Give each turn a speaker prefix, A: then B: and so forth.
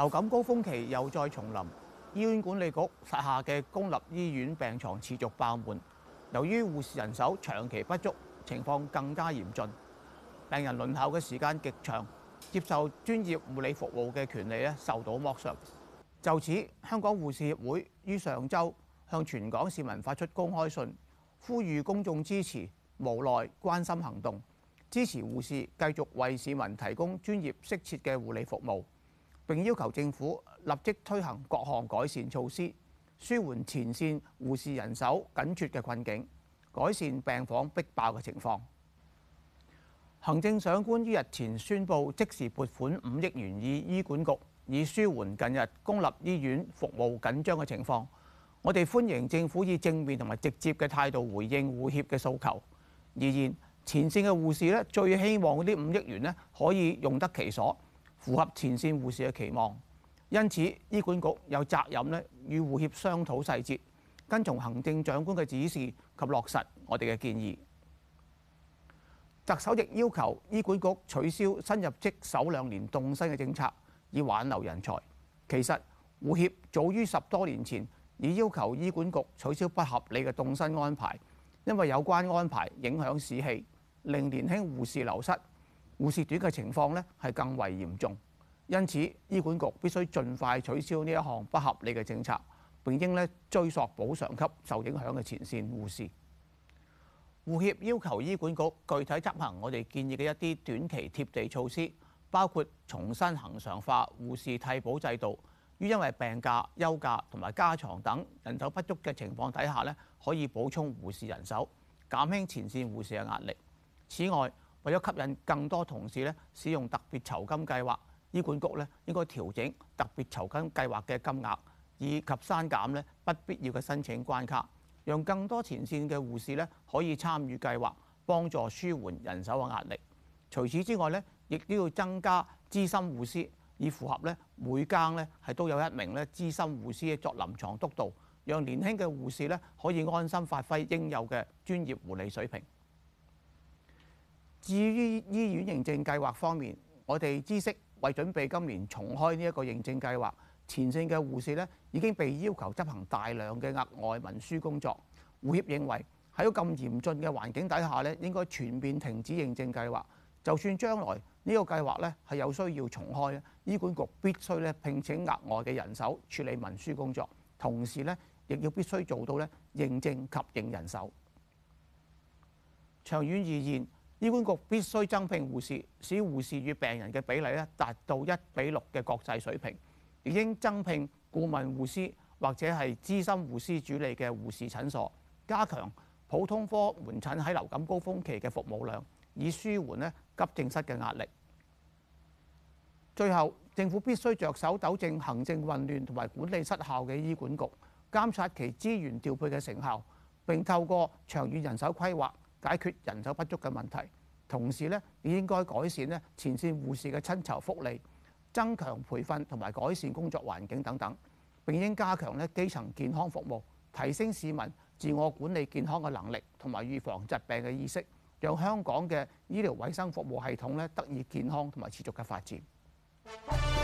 A: 流感高峰期又再重臨，醫院管理局轄下的公立醫院病床持續爆滿。由於護士人手長期不足，情況更加嚴峻。病人輪候的時間極長，接受專業護理服務的權利受到剝削。就此，香港護士協會於上周向全港市民發出公開信，呼籲公眾支持、無奈、關心行動，支持護士繼續為市民提供專業適切的護理服務，並要求政府立即推行各項改善措施，舒緩前線護士人手緊缺嘅困境，改善病房逼爆嘅情況。行政長官於日前宣布，即時撥款五億元予醫管局，以舒緩近日公立醫院服務緊張嘅情況。我哋歡迎政府以正面同埋直接嘅態度回應護協嘅訴求，而現前線嘅護士咧，最希望嗰啲五億元咧可以用得其所。符合前線護士嘅期望，因此醫管局有責任咧與護協商討細節，跟從行政長官嘅指示及落實我哋嘅建議。特首亦要求醫管局取消新入職首兩年凍薪嘅政策，以挽留人才。其實護協早於十多年前已要求醫管局取消不合理嘅凍薪安排，因為有關安排影響士氣，令年輕護士流失。護士短嘅情況呢係更為嚴重，因此醫管局必須盡快取消呢一項不合理嘅政策，並應咧追索補償給受影響嘅前線護士。護協要求醫管局具體執行我哋建議嘅一啲短期貼地措施，包括重新恒常化護士替補制度，於因為病假、休假同埋加牀等人手不足嘅情況底下呢，可以補充護士人手，減輕前線護士嘅壓力。此外，為咗吸引更多同事咧使用特別酬金計劃，醫管局咧應該調整特別酬金計劃嘅金額，以及刪減咧不必要嘅申請關卡，讓更多前線嘅護士咧可以參與計劃，幫助舒緩人手嘅壓力。除此之外咧，亦都要增加資深護師，以符合咧每間咧係都有一名咧資深護師作臨床督導，讓年輕嘅護士咧可以安心發揮應有嘅專業護理水平。至於醫院認證計劃方面，我哋知悉為準備今年重開呢一個認證計劃，前線嘅護士呢已經被要求執行大量嘅額外文書工作。護協認為喺咁嚴峻嘅環境底下呢，應該全面停止認證計劃。就算將來呢個計劃呢係有需要重開咧，醫管局必須咧聘請額外嘅人手處理文書工作，同時呢亦要必須做到咧認證及認人手。長遠而言，醫管局必須增聘護士，使護士與病人嘅比例咧達到一比六嘅國際水平，亦應增聘顧問護師，或者係資深護師主理嘅護士診所，加強普通科門診喺流感高峰期嘅服務量，以舒緩咧急症室嘅壓力。最後，政府必須着手糾正行政混亂同埋管理失效嘅醫管局，監察其資源調配嘅成效，並透過長遠人手規劃。解決人手不足嘅問題，同時咧，你應該改善咧前線護士嘅薪酬福利，增強培訓同埋改善工作環境等等。並應加強咧基層健康服務，提升市民自我管理健康嘅能力同埋預防疾病嘅意識，讓香港嘅醫療衞生服務系統咧得以健康同埋持續嘅發展。